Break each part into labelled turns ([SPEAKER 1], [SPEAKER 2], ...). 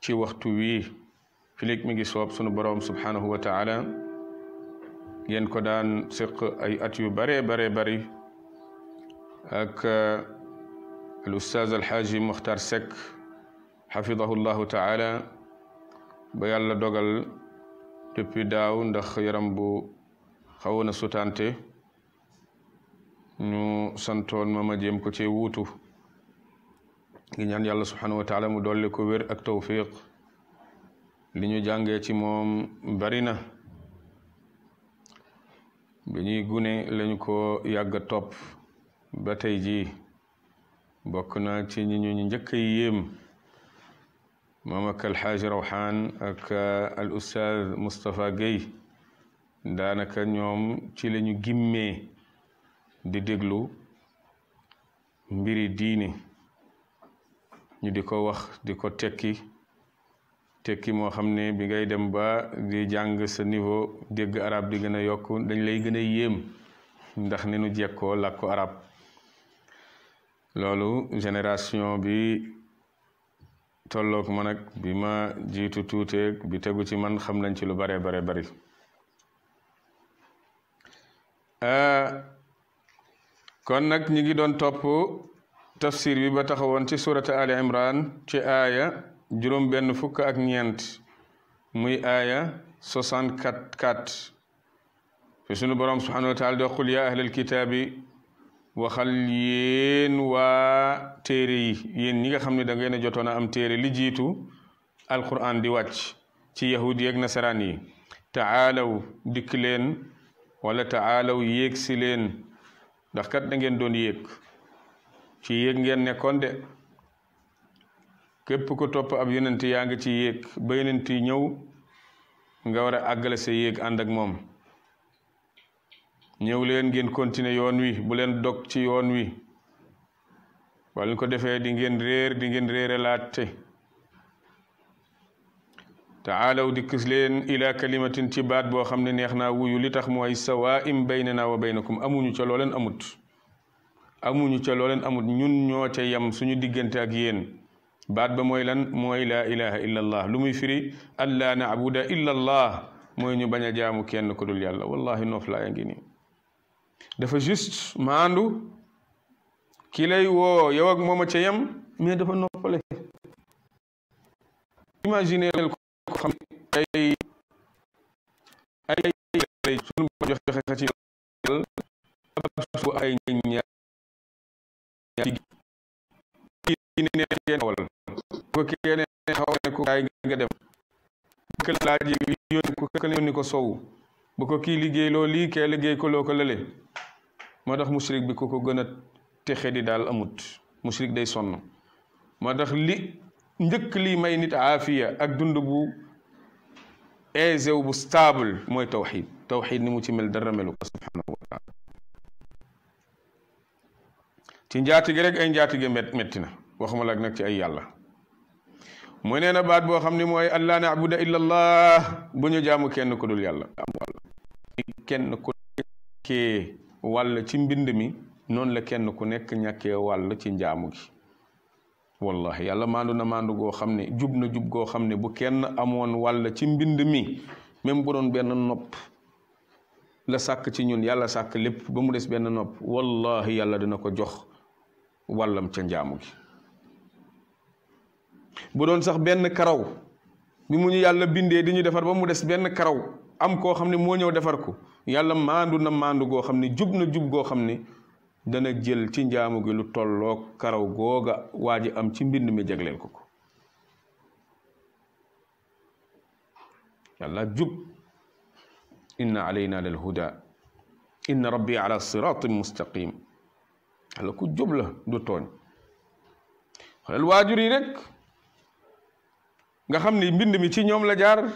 [SPEAKER 1] ci waxtu wii filig mi ngi soob sunu boroom subhanahu wa taala ngeen ko daan séq ay at yu bare bare bari ak uh, al ustaaz alxaaji muxtar sekk xafidahu llahu taala ba yàlla dogal depuis daaw ndax yaram bu xawoon a sutante ñu santoon ma ma jéem ko ci wuutu ngi ñaan yàlla subhanahu wa mu dolli ko wér ak tawfiq li ñu jàngee ci moom bari na bi ñuy gune lañu ko yàgg a topp ba tey jii bokk na ci ñi ñu njëkk a moom ak alxaaji rawxaan ak uh, al ustaaz Moustapha Guèye daanaka ñoom ci lañu gimmee di déglu mbiri diini ñu di ko wax di ko tekki tekki moo xam ne bi ngay dem ba di jàng sa niveau dégg arab di gën a yokk dañ lay gën a yéem ndax ne nu jekkoo làkku arab loolu génération bi tolloog ma nag bi ma jiitu tuuteeg bi tegu ci man xam nañ ci lu bare bare bari ah, kon nag ñi ngi doon topp tafsir bi ba taxawoon ci surata ali imran ci aya juróom benn fukk ak ñeent muy aya 64 fi sunu borom subhanahu wa taala di qul yaa ahlal waxal yéen waa téere yi yéen ñi nga xam ne dangeen ngeen jotoon a am téere li jiitu alquran di wàcc ci yahudi yeeg nasaraan yi taalaw dikk leen wala taalaw yéeg si leen ndax kat da ngeen doon yéeg ci yéeg ngeen nekkoon de képp ko topp ab yonent yaa ngi ci yéeg ba yonent yi ñëw nga war a àggale sa yéeg ànd ak moom ñëw leen ngeen continuer yoon wi bu leen dog ci yoon wi wala ko defee di ngeen réer di ngeen réere laajte taalaw dikkis leen ila kalimatin ci baat boo xam ne neex naa wuyu li tax mooy sawaa'im baynana wa baynakum amuñu ca loo leen amut amuñu ca loo leen amul ñun ñoo ca yem suñu diggante ak yéen baat ba mooy lan mooy laa ilaha lu muy firi an laa naabuda illa mooy ñu bañ a jaamu kenn ku dul yàlla wallahi noof laa ya ngi nii dafa juste maandu ki lay woo yow ak moom a ca yem mais dafa noppale imagine ko xam ni ne xawal ko kaay nga dem bu ko laajee ko kële ko sow bu ko kii liggéey loo lii kee liggéey ko loo ko lële moo tax musrik bi ku ko gën a texe di daal amut musrik day sonn moo tax li njëkk li may nit aafiya ak dund bu aisé bu stable mooy tawxid tawxid ni mu ci mel dara melu ko subhanahu wa taala ci njaatige rek ay njaatige metti na waxuma laak nag ci ay yàlla mu nee na baat boo xam ne mooy an laa naabuda illa allah bu kenn ku dul yàlla am wàll kenn ci mbind mi noonu la kenn ku nekk ñàkkee ci njaamu gi wallahi yàlla maandu na maandu goo xam ne jub na jub goo xam ne bu kenn amoon wàll ci mbind mi même bu doon benn nopp la sàkk ci ñun yàlla sàkk lépp ba mu des benn nopp wallahi yàlla dina ko jox wàllam ca njaamu gi bu doon sax benn karaw bi mu ñu yàlla bindee di ñu defar ba mu des benn karaw am koo xam ne moo ñëw defar ko yàlla maandu na maandu goo xam ne jub na jub goo xam ne dana jël ci njaamu gi lu tolloog karaw googa waa ji am ci mbind mi jagleel ko ko yàlla jub inna alayna lal huda inna rabbi ala siratin mustaqim yàlla ku jub la du tooñ xoolal waajur yi rek nga xam ni mbind mi ci ñoom la jaar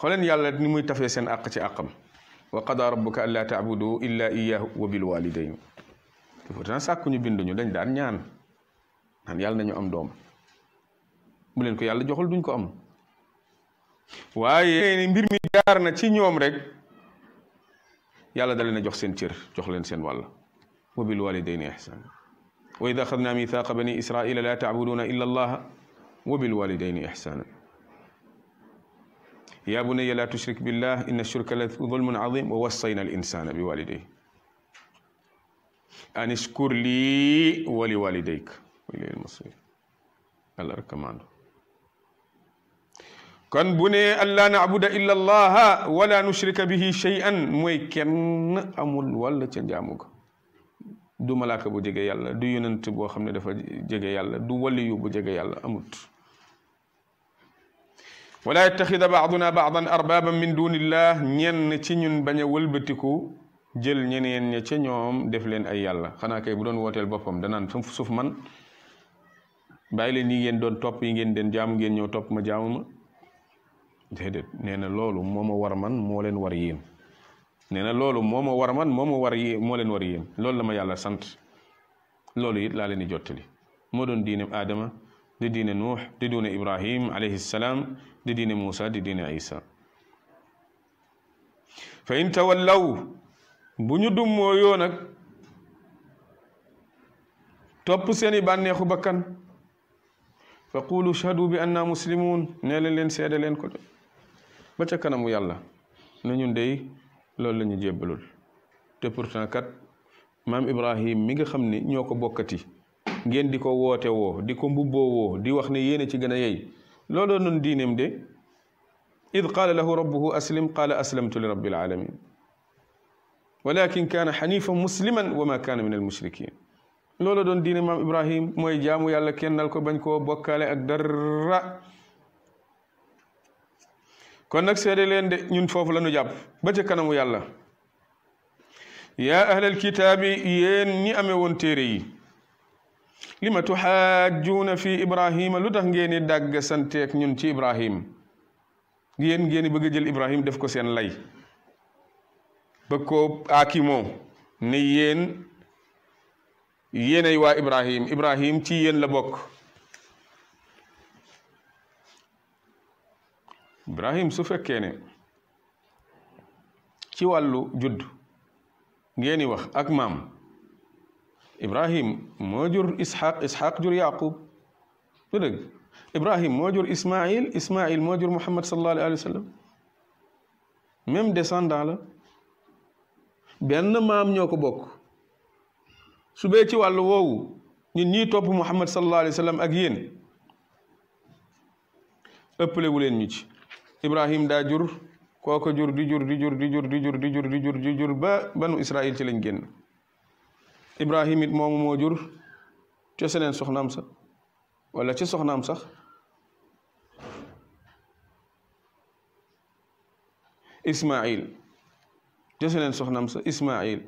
[SPEAKER 1] xooleen yàlla ni muy tafee seen àq ci àqam wa qada rabbuka allaa taabudu illa iyyahu wa bil walidayn te pourtant sàkkuñu binduñu dañ daan ñaan naan yàlla nañu am doom bu leen ko yàlla joxul duñ ko am waaye mbir mi jaar na ci ñoom rek yàlla da leen a jox seen cër jox leen seen wàll wa bil walidayni ihsan wa id axadna mithaqa bani israila laa taabuduuna illa allaha وبالوالدين إحسانا يا بني لا تشرك بالله إن الشرك ظلم عظيم ووصينا الإنسان بوالديه أن اشكر لي ولوالديك وإليه المصير الله ركمانه كن بني ألا نعبد إلا الله ولا نشرك به شيئا موي كن أمول ولا تنجاموك دو ملاك بو جيغي يالا دو يننت بو خمنا دفا جيغي يالا دو ولي بو جيغي يالا أموت ولا يتخذ بعضنا بعضا اربابا من دون الله نين تي نون باغا ولبتيكو جيل نينين تي نيوم ديف لين اي يالا خانا كاي بودون ووتال بوبام دانان سوف مان باي لي ني دون توب يي ген دن جام ген نيو توب ما جاموما ديدت نينا لولو موما وار مان مولين وار يين نينا لولو موما وار مان موما وار يي مولين وار يين لول لما يالا سانت لولو يت لا لي ني جوتلي مودون دين ادمه دي دين نوح دي دون ابراهيم عليه السلام ɗi dine moussa ɗi dine issa fa in tawallaw bu ñu dummoo yoo nag topp seen i bànneexu bakkan fa qulu chahadu bi anna muslimun nee leen leen seede leen ko de ba ca kanamu yàlla ne ñun day loolu la ñu jébbalul te pourtant kat maam ibrahim mi nga xam ni ñoo ko bokkati ngeen di ko woote woo di ko mbubboo woo di wax ne yéene ci gën a yey لولو نون دينم دي إذ قال له ربه أسلم قال أسلمت لرب العالمين ولكن كان حنيفا مسلما وما كان من المشركين لولو دون دين امام ابراهيم موي جامو يالا كينال كو بانكو بوكالي اك درر كون نك سيري لين دي نون فوفو لا نجاب باتي كانمو يالا يا اهل الكتاب يين ني امي وون تيري Limatu ma tuxaajuuna fi ibrahima lu tax ngeen di dàgg santeek ñun ci ibrahim yéen ngeen bëgg jël ibrahim def ko seen lay ba koo aakimoo ni yéen yéenay waa ibrahim ibrahim ci yéen la bokk ibrahim su fekkee ne ci wàllu judd ngeen wax ak maam Ibrahim moo jur Isxaq Isxaq jur Yaqub du dëgg Ibrahim moo jur Ismail Ismail moo jur Muhammad sallallahu alayhi wa sallam même descendant la benn maam ñoo ko bokk su bee ci wàllu woowu ñun ñii topp Muhammad sallallahu alayhi wa sallam ak yéen ëppalewu ñu ci Ibrahim daa jur kooko jur du jur di jur di jur di jur di jur di jur di jur ba banu Israil ci lañ génn Ibrahim it moomu moo jur ca seneen soxnaam sa wala ci soxnaam sax Ismaayil ca seneen soxnaam sa Ismaayil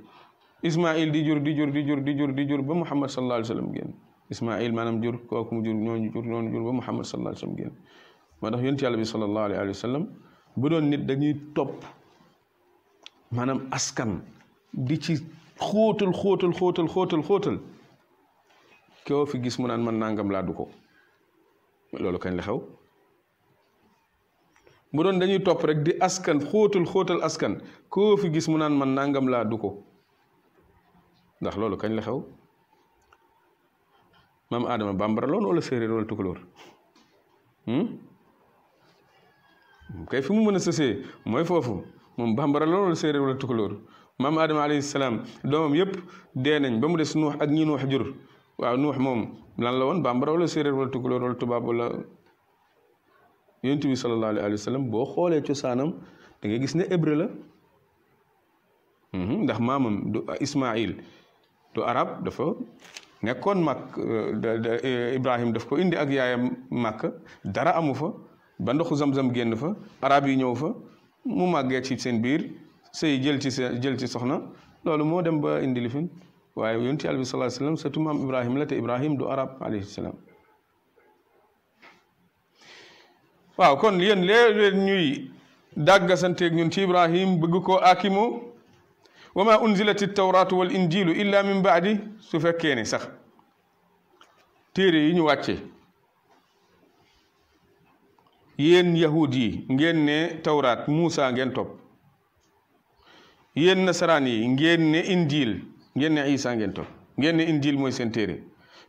[SPEAKER 1] Ismaayil di jur di jur di jur di jur di jur ba Muhammad sallallahu alayhi wa sallam génn Ismaayil maanaam jur kooku mu jur ñooñu jur ñooñu jur ba Muhammad sallallahu alayhi wa sallam génn moo tax yonent yàlla bi sallallahu alayhi wa sallam bu doon nit dañuy topp maanaam askan di ci. خوتل خوتل خوتل خوتل خوتل كيف في جسم من من نعم لا دوكو لولو كان لخو مدن دنيو توب رك دي أسكن خوتل خوتل أسكن كيف في جسم من من نعم لا دوكو ده لولو كان لخو مم آدم بامبر لون ولا سيري لون تكلور هم كيف مو من السيسي ما يفوفو مم بامبر لون ولا سيري لون تكلور maam Adama alayhi salaam doomam yëpp dee nañ ba mu des nuux ak ñi nuux jur waaw nuux moom lan la woon bambara wala séeréer wala tukulóor wala tubaab wala yonent bi sallallahu alayhi wa sallam boo xoolee cosaanam da nga gis ne hébreu la ndax maamam du Ismaïl du arab dafa nekkoon màkk Ibrahim daf ko indi ak yaayam màkk dara amu fa ba ndoxu zam-zam génn fa arab yi ñëw fa mu màggee ci seen biir. sëy jël ci jël ci soxna loolu moo dem ba indi li waaye yonti yàlla bi sallallahu alayhi wa sallam surtout maam Ibrahim la te Ibrahim du arab alayhi salaam waaw kon yéen léeg-léeg ñuy dàggasanteeg ñun ci Ibrahim bëgg ko akimu wa ma unzilat tawraatu wal injilu illa min baadi su fekkee ne sax téere yi ñu wàcce yéen yahud yi ngeen ne tawraat Muusa ngeen topp yéen nasaraan yi ngéen ne injiil ngeen ne Isa ngeen topp ngeen ne injiil mooy seen téere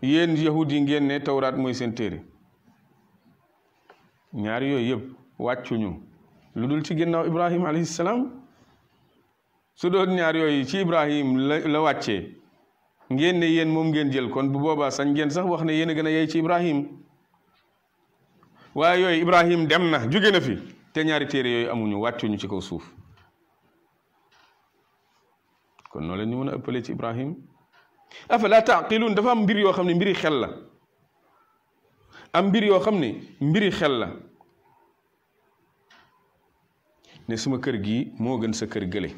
[SPEAKER 1] yéen yahud yi ngeen ne tawraat mooy seen téere ñaar yooyu yëpp wàccuñu lu ci ginnaaw Ibrahim alayhi su doon ñaar yooyu ci Ibrahim la la ngeen ne yéen moom ngeen jël kon bu boobaa sañ ngeen sax wax ne yéen a gën a yey ci Ibrahim waaye yooyu Ibrahim dem na jóge na fi te ñaari téere yooyu amuñu wàccuñu ci kaw suuf. kon noo leen ñu mën a ëppale ci Ibrahim afala taqilun dafa am mbir yoo xam ne mbiri xel la am mbir yoo xam ne mbir mbiri xel la ne suma kër gii moo gën sa kër gële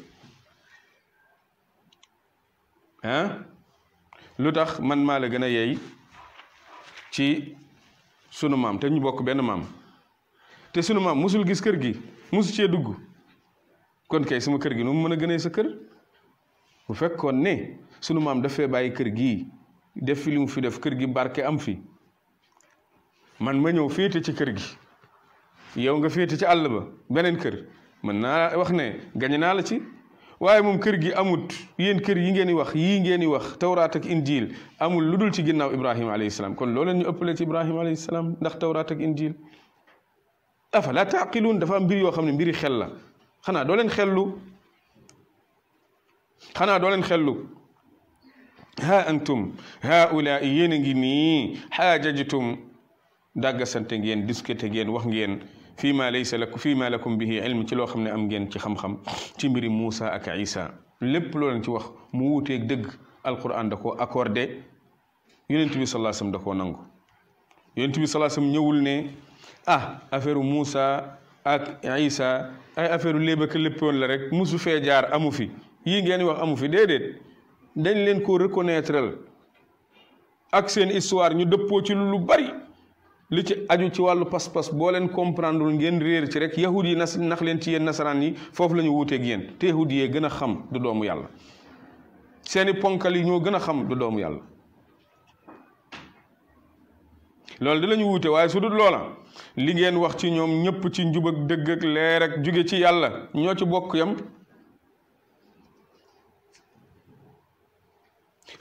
[SPEAKER 1] ah lu tax man maa la gën a yeey ci sunu maam te ñu bokk benn maam te sunu maam musul gis kër gi musu cee dugg kon kay suma kër gi nu mën a gënee sa kër bu fekkoon ne sunu maam dafee baye kër gi def fi limu fi def kër gi barke am fi man ma ñëw fété ci kër gi yow nga fété ci Allah ba benen kër man na wax ne gañe naa la ci waye mum kër gi amut yéen kër yi ngeen wax yi ngeen wax tawrat ak injil amul lu ci ginnaw ibrahim alayhi salam kon loolu ñu ëppale ci ibrahim alayhi salam ndax tawrat ak injil afala taqilun dafa am mbir yo xamne mbiri xel la xana do len xellu خنا doo leen ها أنتم هؤلاء ينجني حاججتم داغا سنتين ديسكتين وخين فيما ليس لك فيما لكم به علم تي لو خمني ام ген تي خم خم تي ميري موسى اك عيسى لب لو نتي واخ مو ووتيك دغ القران داكو اكوردي يونت صلى الله عليه وسلم داكو نانغو يونت صلى الله عليه وسلم نيول ني اه افير موسى اك عيسى اي افير ليبك لبون ولا رك موسو في جار امو في yii ngeen wax amu fi déedéet dañ leen ko reconnaître ak seen histoire ñu dëppoo ci lu bari li ci aju ci wàllu pas-pas boo leen comprendre ngeen réer ci rek yahud yi nas nax leen ci yéen nasaraan yi foofu la ñu wuuteeg yéen te yahud yee gën a xam du doomu yàlla seeni ponkal yi ñoo gën a xam du doomu yàlla loolu di la ñu wuute waaye su dul loola li ngeen wax ci ñoom ñëpp ci njub ak dëgg ak leer ak jóge ci yàlla ñoo ci bokk yam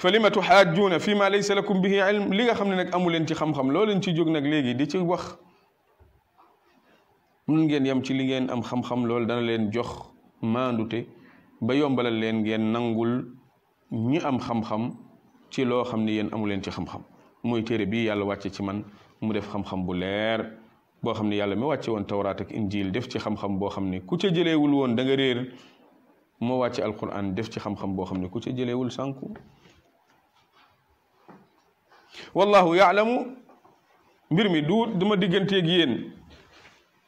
[SPEAKER 1] فلما تحاجون فيما ليس لكم به علم لي خمن نك امول انت خم خم لول انت جوغ نك لغي دي تي واخ من نين يام تي لي نين ام خم خم لول دا نلن جوخ ماندوتي با يومبال لين نين نانغول ني ام خم خم تي لو خمن يين امول انت خم خم موي تيري بي يالا واتي تي مان مو ديف خم خم بو لير بو خمن يالا مي واتي وون تورات اك انجيل ديف تي خم خم بو خمن كو تي جيلي وول وون دا نغا رير مو واتي القران ديف تي خم خم بو خمن كو تي جيلي سانكو wallahu yaalamu mbir mi du dama digganteeg yéen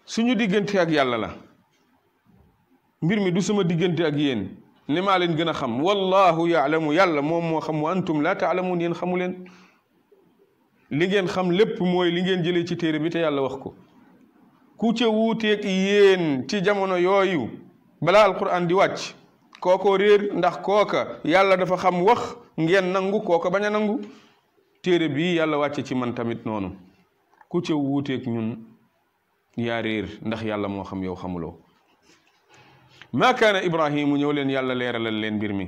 [SPEAKER 1] suñu diggante ak yàlla la mbir mi du suma diggante yéen ni maa leen gën a xam wallahu yaalamu yàlla moom moo xam wa antum laa taalamuun yéen xamu leen li ngeen xam lépp mooy li ngeen jëlee ci téere bi te yàlla wax ko ku ci wuuteeg yéen ci jamono yooyu balaa alquran di wàcc kookoo réer ndax kooka yàlla dafa xam wax ngeen nangu kooka bañ a nangu téere bii yàlla wàcce ci man tamit noonu ku ca wuuteeg ñun yaa réer ndax yàlla moo xam yow xamuloo maa kaana ibrahimu ñëw leen yàlla leeralal leen mbir mi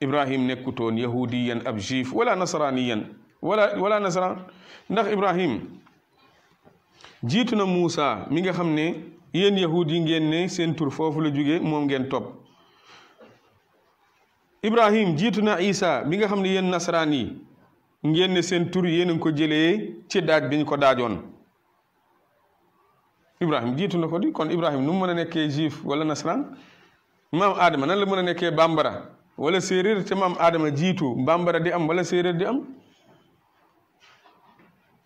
[SPEAKER 1] ibrahim nekkutoon yahudiyan ab juif wala nasraniyan wala wala nasran ndax ibrahim jiitu na Muusa mi nga xam ne yéen yahud yi ngeen ne seen tur foofu la jóge moom ngeen topp ibrahim jiitu na Isa mi nga xam ne yéen nasraan yi ngeen ne seen tur yéen a ko jëlee ci daaj biñ ko daajoon Ibrahim jiitu na ko di kon Ibrahim nu mu mën a nekkee juif wala nasran maam Adama nan la mën a nekkee bambara wala séeréer te maam Adama jiitu bambara di am wala séeréer di am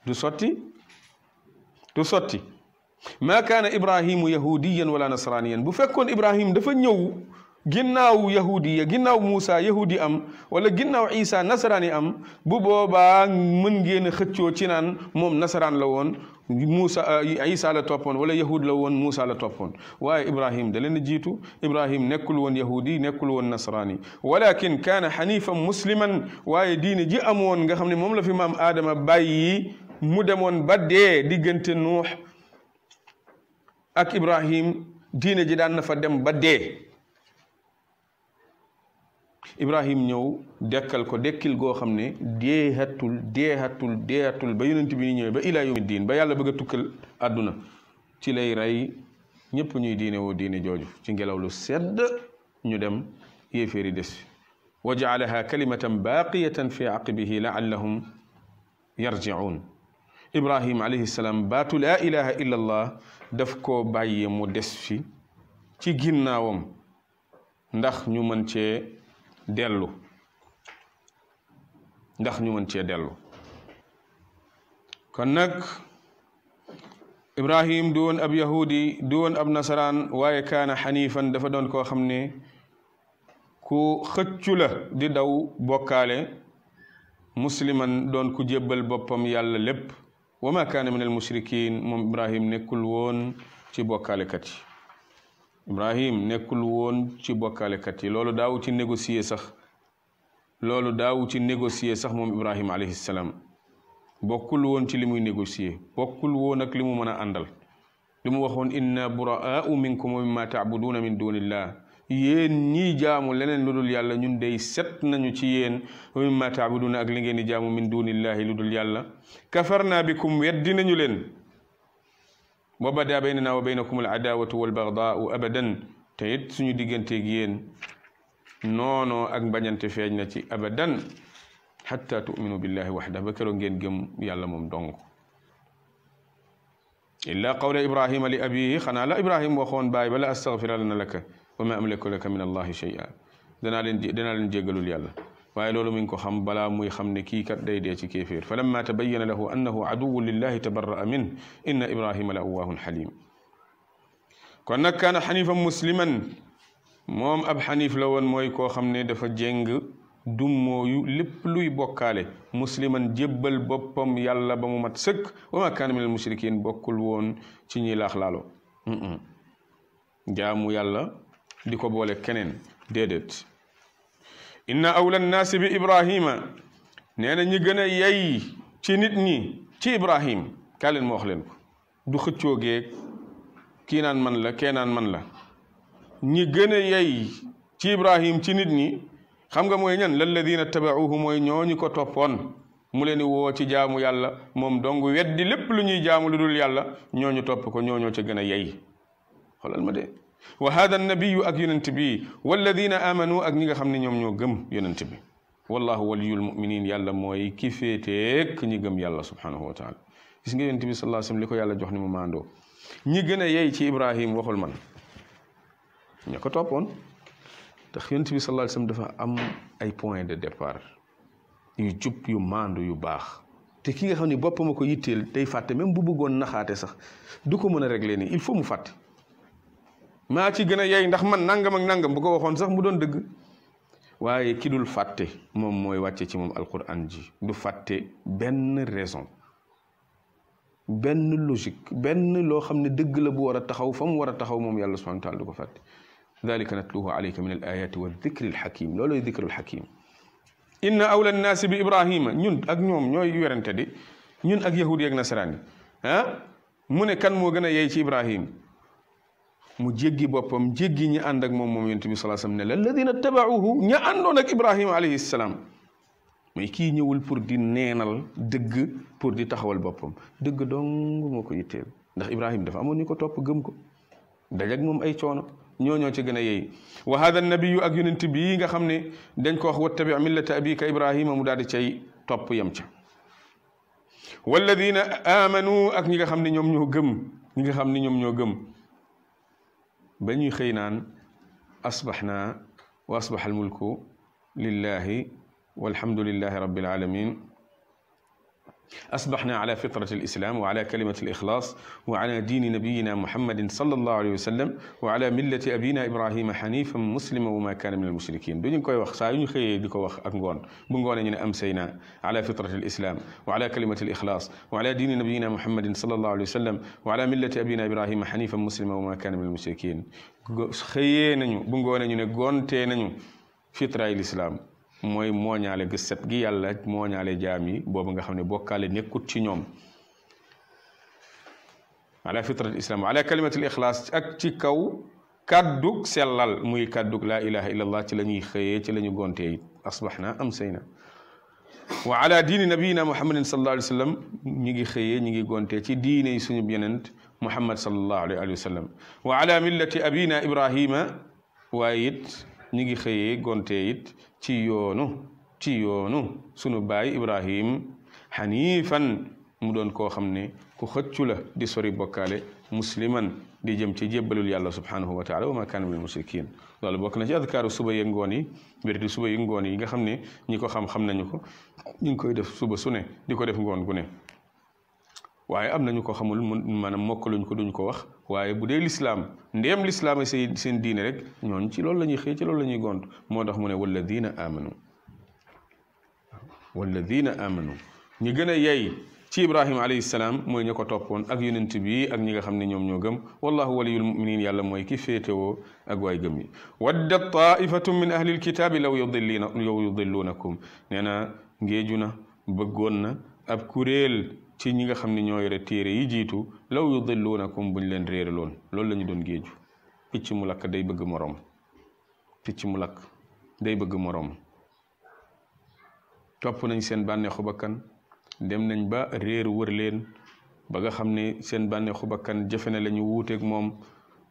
[SPEAKER 1] du sotti du sotti maa kaana Ibrahimu yahudiyan wala nasraniyan bu fekkoon Ibrahim dafa ñëw. ginnaaw yahudi ya ginnaaw Moussa yahudi am wala ginnaaw Isa nasaraan yi am bu booba mën ngeen a xëccoo ci naan moom nasaraan la woon Moussa euh, Isa la toppoon wala yahud la woon Moussa la toppoon waaye Ibrahim da leen jiitu Ibrahim nekkul woon yahudi nekkul woon nasaraani walakin kaana xanifan musliman waaye diina ji amoon nga xam ne moom la fi maam Adama bàyyi mu demoon ba dee diggante Nuux ak Ibrahim diina ji daan na fa dem ba dee. ibrahim ñëw dekkal ko dekkil goo xam ne deexatul deexatul deexatul ba yonent bi ni ñëwee ba ilaa yawmi diin ba yàlla bëgga a tukkal àdduna ci lay rey ñëpp ñuy diine woo diine jooju ci ngelaw lu sedd ñu dem yéeféeri des fi wa jaalaha kalimatan baaqiyatan fi aqibihi laallahum yarjiun ibrahim ii salaam baatu laa ilaha illa allah daf koo bàyyi mu des fi ci ginnaawam ndax ñu mën cee dellu ndax ñu mën ci dellu kon nak ibrahim doon ab yahudi doon ab nasaran waye kana hanifan dafa doon ko xamne ku xëccu la di daw bokale musliman doon ku jebal bopam yàlla lépp wama kana min al mushrikin mom ibrahim nekul won ci bokkaalekat yi ibrahim nekkul woon ci bokkale kat yi loolu daawu ci négocié sax loolu daawu ci négocié sax moom ibrahim alayhi salaam bokkul woon ci li muy négocié bokkul woon ak li mu mën a àndal li mu waxoon inna buraau minkum wa mima taabuduuna min duunillah yéen ñii jaamu leneen lu dul yàlla ñun day set nañu ci yéen wa mima taabuduuna ak li ngeen i jaamu min duunillahi lu dul yàlla kafar naa bikum weddi nañu leen وبدا بيننا وبينكم العداوة والبغضاء أبدا تيت سنو ديجن تيجين نو نو أك بجن تفاجنا أبدا حتى تؤمنوا بالله وحده بكرو جين جم يعلمهم دونك إلا قول إبراهيم لأبيه خنا لا إبراهيم وخون باي بلا أستغفر لنا لك وما أملك لك من الله شيئا دنا لن دنا لن جيجلوا waaye loolu mu ngi ko xam balaa muy xam ne kii kat day dee ci kéeféer fa lamma tabayyana lahu annahu aduwu lillahi tabarra'a min inna ibrahima la awwaahun xalim kon nag kaana xanifan musliman moom ab xanif la woon mooy koo xam ne dafa jéng dummooyu lépp luy bokkaale musliman jébbal boppam yàlla ba mu mat sëkk wa ma kaana min al mushrikin bokkul woon ci ñi laax laalo jaamu yàlla di ko boole keneen déedéet inna awla nnaasi bi ibrahima nee na ñi gën a yey ci nit ñi ci ibrahim kaa leen ma wax leen ko du xëccoo geeg kii naan man la kenaan man la ñi gën a yey ci ibrahim ci nit ñi xam nga mooy ñan lalladina tabauhu mooy ñooñu ko toppoon mu leen di woo ci jaamu yàlla moom dong weddi lépp lu ñuy jaamu lu dul yàlla ñooñu topp ko ñooñoo ca gën a yey xoolal ma de وهذا النبي اك يننتبي والذين امنوا اك نيغا خامني نيوم ньо گم يننتبي والله ولي المؤمنين يالا موي كي فيتيك ني گم يالا سبحانه وتعالى گيس نغي يننتبي صلى الله عليه وسلم ليكو يالا جوخني مو ماندو ني گنا يي سي ابراهيم وخول مان نيكو توپون تخ يننتبي صلى الله عليه وسلم دفا ام اي بوين دي ديبار يو جوب يو ماندو يو باخ té ki nga xamni bopam ko yittel day faté même bu bëggon naxaté sax duko mëna régler ni il faut mu faté ma ci gëna yey ndax man nangam ak nangam bu ko waxon sax mu doon deug waye ki dul faté mom moy wàcce ci mom alquran ji du faté ben raison ben logique ben lo xamne deug la bu wara taxaw fam wara taxaw mom yàlla subhanahu wa taala du ko faté ذلك نتلوه عليك من الآيات والذكر الحكيم dicri ذكر الحكيم إن أولى الناس بإبراهيم inna أك نيوم bi يورنتدي ñun أك يهود يك نصراني ها من كان مو غنا nasaraan yi ah مجيجي بوبم جيجي ني اندك موم موم يونتي بي صلى الله عليه وسلم الذين اتبعوه ني اندون اك ابراهيم عليه السلام مي كي نيول بور دي نينال دغ بور دي تخاول بوبم دغ دونغ موكو ييتيل داخ ابراهيم دا امون نيكو توب گم كو داجك موم اي چونو ньо ньо ci gëna yeey wa hadha an-nabiyyu ak yunit bi nga xamne dañ ko wax wa tabi' millata abika ibrahim mu dadi ci top yam ci wal ladina amanu ak ñi nga xamne ñom ñoo gëm ñi nga xamne ñom ñoo gëm بني خينان أصبحنا وأصبح الملك لله والحمد لله رب العالمين أصبحنا على فطرة الإسلام وعلى كلمة الإخلاص وعلى دين نبينا محمد صلى الله عليه وسلم وعلى ملة أبينا إبراهيم حنيفا مسلما وما كان من المشركين دون كوي وخ سايو خي ديكو وخ اك نغون أن امسينا على فطرة الإسلام وعلى كلمة الإخلاص وعلى دين نبينا محمد صلى الله عليه وسلم وعلى ملة أبينا إبراهيم حنيفا مسلما وما كان من المشركين خي نانيو بو أن ني غونتي نانيو فطرة الإسلام moy moñale gi set gi yàlla moñale jami bobu nga xamne bokale nekut ci ñom ala fitra islam ala kalimatil ikhlas ak ci kaw kàddug selal muy kàddug la ilaha illallah ci lañuy xeye ci lañu gonté asbahna am sayna wa ala din nabina muhammad sallallahu alaihi wasallam ñi ngi xeye ñi ngi gonté ci diine suñu yenent muhammad sallallahu alayhi wa sallam wa ala millati abina ibrahima waaye ñi ngi xëyee gonte it ci yoonu ci yoonu sunu baay Ibrahim xanifan mu doon koo xam ne ku xëccu la di sori bokkaale musliman di jëm ci jébbalul yàlla subhanahu wa taala wa ma kaana min musrikin loolu bokk na ci adkaaru suba yi ngoon yi wérdi suba yi ngoon yi nga xam ne ñi ko xam-xam nañu ko ñu ngi koy def suba su ne di ko def ngoon gu ne waaye am nañu ko xamul maanaam mokkaluñ ko duñ ko wax waaye bu dee lislaam ndéem lislaam seen seen diine rek ñooñ ci loolu la ñuy xëy ci loolu la ñuy gont moo tax mu ne walladina amanu walladina amanu ñi gën a yey ci ibrahima alayhi salaam mooy ña ko toppoon ak yonent bi ak ñi nga xam ne ñoom ñoo gëm wallahu waliyul muminin yàlla mooy ki féetewoo ak waay gëm yi wadda taifatu min ahli lkitaabi law yudillina yow yudilluunakum nee na ngéeju na bëggoon na ab kuréel ci ñi nga xam ne ñoo yore téere yi jiitu law yudilluunakum buñ leen réere loon loolu lañu doon géeju picc mu lakk day bëgg moroom picc mu day bëgg moroom topp nañ seen bànneexu bakkan dem nañ ba réer wër leen ba nga xam ne seen bànneexu bakkan jëfe na lañu ñu moom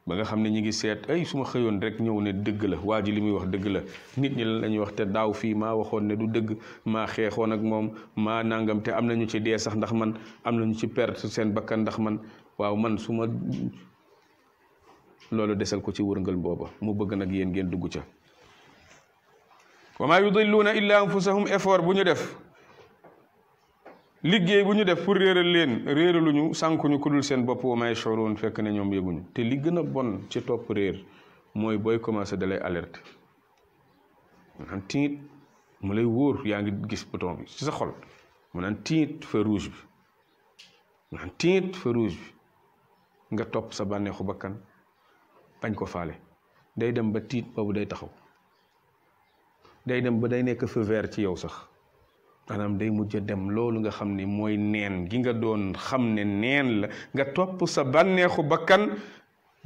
[SPEAKER 1] ba nga xam ne ñi ngi seet ay su ma xëyoon rek ñëw ne dëgg la waa ji li muy wax dëgg la nit ñi lan la ñuy wax te daaw fii maa waxoon ne du dëgg maa xeexoon ak moom ma nangam te am ñu ci dee sax ndax man am nañu ci perte seen bakkan ndax man waaw man suma loolu desal ko ci wërngal booba mu bëgg nag yéen ngeen dugg ca wa maa yudilluuna illa anfusahum effort bu ñu def liggéey bu ñu def pour réeral leen réeraluñu sànkuñu ku dul seen bopp wa may sóoroon fekk ne ñoom yëguñu te li gën a bon ci topp réer mooy booy commencé dalay alerte maanaam tiit mu wóor yaa ngi gis bouton bi ci sa xol mu tiit feu rouge bi mu naan tiit feu rouge bi nga topp sa bànneexu bakkan bañ ko faale day dem ba tiit boobu day taxaw day dem ba day nekk feu ci yow sax maanaam day mujj dem loolu nga xam ni mooy neen gi nga doon xam ne neen la nga topp sa bànneexu bakkan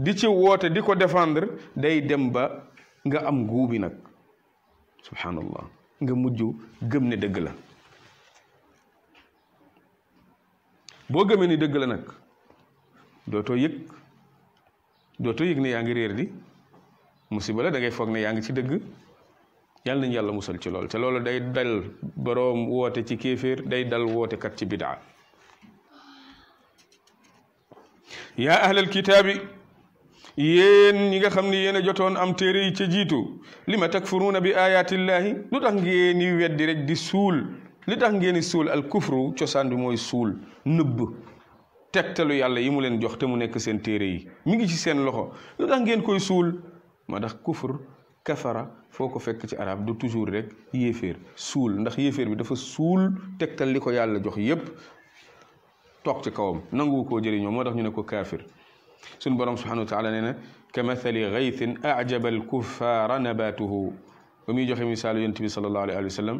[SPEAKER 1] di ci woote di ko defendre day dem ba nga am guubi nag subhanallah nga mujj gëm ne dëgg la boo gëmee ni dëgg la nag dootoo yëg dootoo yëg ne yaa ngi réer di musiba la da foog ne yaa ngi ci dëgg yàlla nañu yàlla musal ci loolu te loolu day dal boroom woote ci kéeféer day dal wootekat ci bidaa yaa ahlal kitaabi yéen ñi nga xam ne yéen a jotoon am téere yi ci jiitu li ma takfuruuna bi ayatillahi lu tax ngeen di weddi rek di suul li tax ngeen di suul al kufru cosaan bi mooy suul nëbb tegtalu yàlla yi mu leen jox te mu nekk seen téere yi mu ngi ci seen loxo lu tax ngeen koy suul ma tax kufur kafara foo ko fekk ci arab du toujours rek yéeféer suul ndax yéeféer bi dafa suul tegtal li ko yàlla jox yépp toog ci kawam nangu koo jëriñoo moo tax ñu ne ko kaafir sun borom subhanahu wa taala nee na ka mathali gaythin ajaba alkuffara nabatuhu ba muy joxe misaalu yonent bi salallahu alayhi wa sallam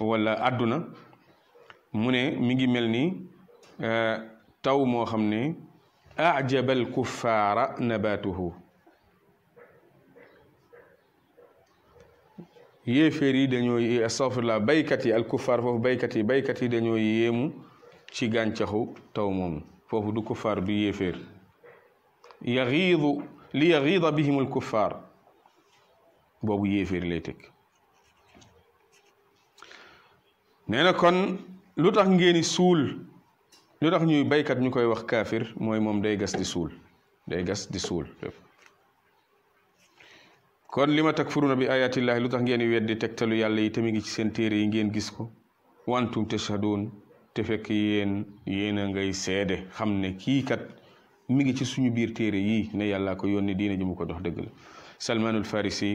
[SPEAKER 1] wala àdduna mu ne mi ngi mel ni taw moo xam ne ajaba alkuffara nabatuhu يفري دنيوي أصفر لا بيكتي الكفار فوف بيكتي بيكتي دنيوي يمو شيغان تشهو تومم فوف دو كفار بي بيفر يغيظ ليغيظ بهم الكفار بوبو يفر ليتك نانا كون لوتاخ نغيني سول لوتاخ نيو بيكات نيكوي واخ كافر موي موم داي غاس دي سول داي غاس دي سول kon li ma takfuruuna bi ayatillahi lu tax ngeen weddi tegtalu yàlla yi te mi ngi ci seen téere yi ngeen gis ko wantu wantum tashhaduun te fekk yen yéen a ngay seede xam ne kii kat mi ngi ci suñu biir téere yii ne yàlla ko yónni diine ji mu ko dox dëgg la salmaanul farisi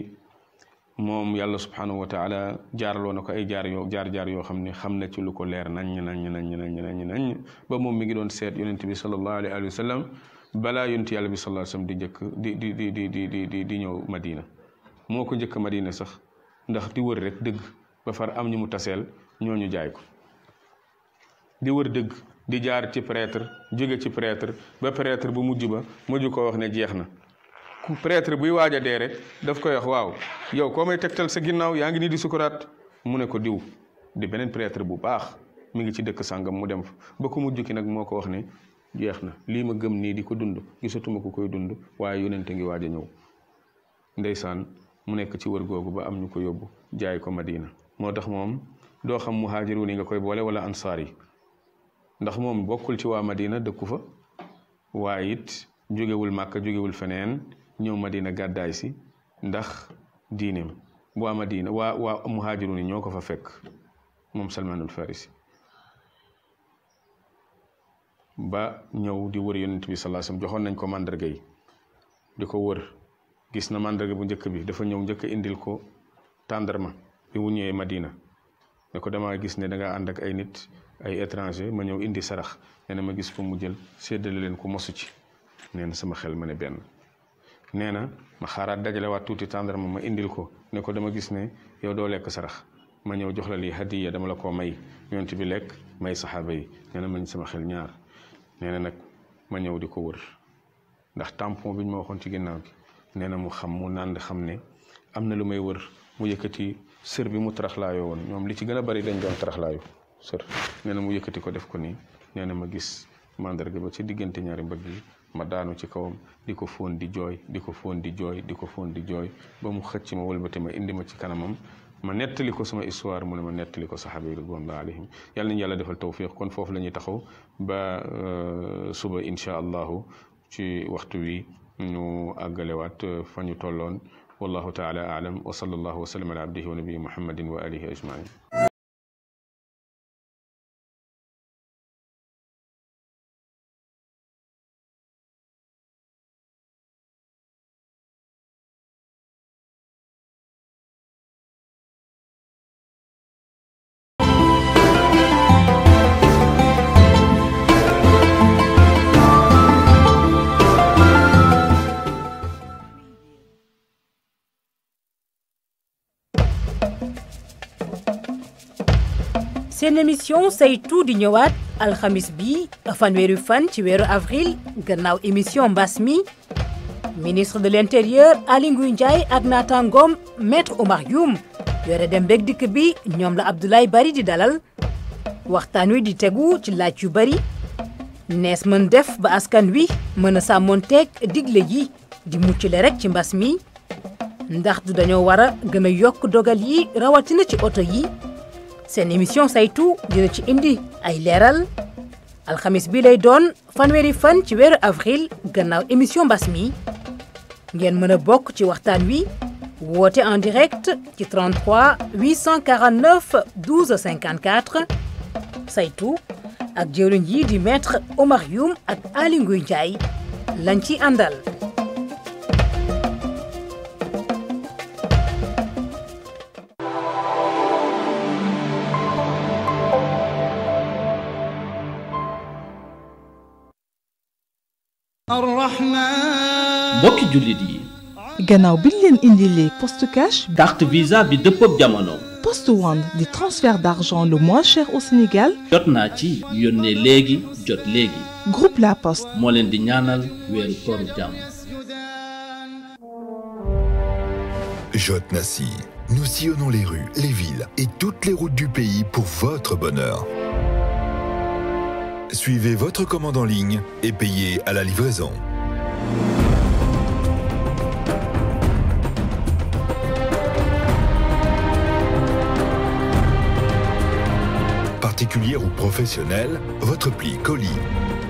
[SPEAKER 1] moom yàlla subhaanahu wa taala jaaraloo na ko ay jaar yoo jaar jaar yoo xam ne xam na ci lu ko leer naññ naññ naññ naññ naññ naññ ba moom mi ngi doon seet yonent bi sallallahu alayhi wa sallam balaa yonent yàlla bi sallallahu alayhi wa sallam di njëkk di di di di di di di ñëw Madina. moo ko njëkk Madina sax ndax di wër rek dëgg ba far am ñu mu taseel ñooñu jaay ko di wër dëgg di jaar ci prêtre jóge ci prêtre ba prêtre bu mujj ba mujj ko wax ne jeex na ku prêtre buy waaj a dee rek daf koy wax waaw yow koo may tegtal sa ginnaaw yaa ngi nii di sukuraat mu ne ko diw di beneen prêtre bu baax mi ngi ci dëkk sàngam mu dem fa ba ku mujj ki nag moo ko wax ne jeex na lii ma gëm nii di ko dund gisatuma ko koy dund waaye yonente ngi waaj a ñëw ndeysaan mu nekk ci wër googu ba am ñu ko yóbbu jaay ko Madina moo tax moom doo xam muhaajiruun yi nga koy boole wala ansaar yi ndax moom bokkul ci waa Madina dëkku fa waaye it jógewul Màkka jógewul feneen ñëw Madina gàddaay si ndax diineem waa Madina waa waa muhaajiruun yi ñoo ko fa fekk moom Salmaanul Farisi ba ñëw di wër yonent bi joxoon nañ ko màndarga yi di ko wër gis na mandarga bu ñëk bi dafa ñëw ñëk indil ko tàndarma bi mu ñëwé madina ne ko dama gis ne da nga and ak ay nit ay étranger ma ñëw indi sarax nee na ma gis ko mu jël sédel leen ko mosu ci nee na sama xel ma ne benn na ma xaaraat dajalewaat tuuti tàndarma ma indil ko ne ko dama gis ne yow do lek sarax ma ñëw jox la li hadiya dama la ko may bi lek may sahaba yi na sama xel ñaar na ma ñëw di wër ndax tampon biñ ma waxon ci ginnaw nee na mu xam mu nànd xam ne am na lu may wër mu yëkkati sër bi mu taraxlaayoo woon ñoom li ci gën a bari dañ doon taraxlaayu sër nee na mu yëkkati ko def ko nii nee na ma gis mandarga ba ci diggante ñaari mbëgg yi ma daanu ci kawam di ko fóon di jooy di ko fóon di jooy di ko fóon di jooy ba mu xëcc ma wëlbati ma indi ma ci kanamam ma nettali ko sama histoire mu ne ma nettali ko saxaaba yi ridwanullah alayhim yàlla nañu yàlla defal tawfiq kon foofu la ñuy taxaw ba euh, suba incha allahu ci waxtu wi نو أجلوات فني تولون والله تعالى أعلم وصلى الله وسلم على عبده ونبي محمد وآله أجمعين seen émission saytu di ñëwaat alxamis bi fanweeri fan ci weeru avril gannaaw émission mbas ministre de l'intérieur Aly Ngouille ak naataangoom maître Oumar Youm yore dem beeg dikk bi ñoom la Abdoulaye Bari di dalal waxtaan wi di tegu ci laaj yu bari nees mën def ba askan wi mën a sàmmoonteeg digle yi di muccule rek ci mbas ndax du dañoo war a yokk dogal yi rawatina ci oto yi seen émission saytu dina ci indi ay leeral alxamis bi lay doon fanweeri fan ci weeru avril gannaaw émission mbas mi ngeen mën a bokk ci waxtaan wi woote en direct ci 33 849 12 54 saytu ak jëwriñ yi di maître Omar Youm ak ali Ngouille Ndiaye lañ ci àndal mbokki jullit yi gannaaw leen poste cash carte visa bi pop jamono poste Wand di transfert d'argent le moins cher au Sénégal jot naa ci yónnee léegi jot léegi groupe La Poste moo leen di ñaanal weeru jàmm nous sillonnons les rues les villes et toutes les routes du pays pour votre bonheur Suivez votre commande en ligne et payez à la livraison. particulière ou professionnelle, votre pli colis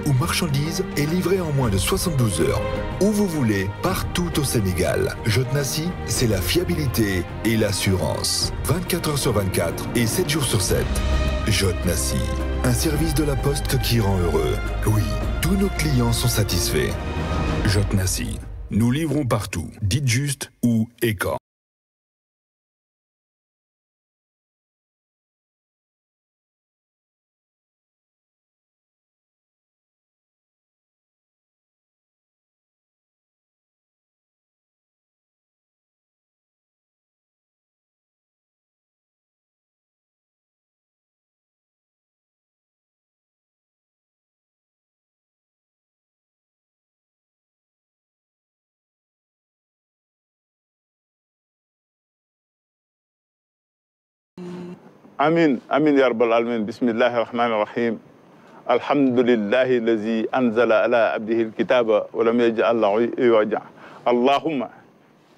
[SPEAKER 1] ou marchandise est livré en moins de 72 heures, où vous voulez, partout au Sénégal. Jotnassi, c'est la fiabilité et l'assurance. 24 heures sur 24 et 7 jours sur 7. Jot Nassi, un service de la Poste qui rend heureux. Oui, tous nos clients sont satisfaits. Jot Nassi, nous livrons partout. Dites juste où et quand. امين امين يا رب العالمين بسم الله الرحمن الرحيم الحمد لله الذي انزل على عبده الكتاب ولم يجعل له عوجا اللهم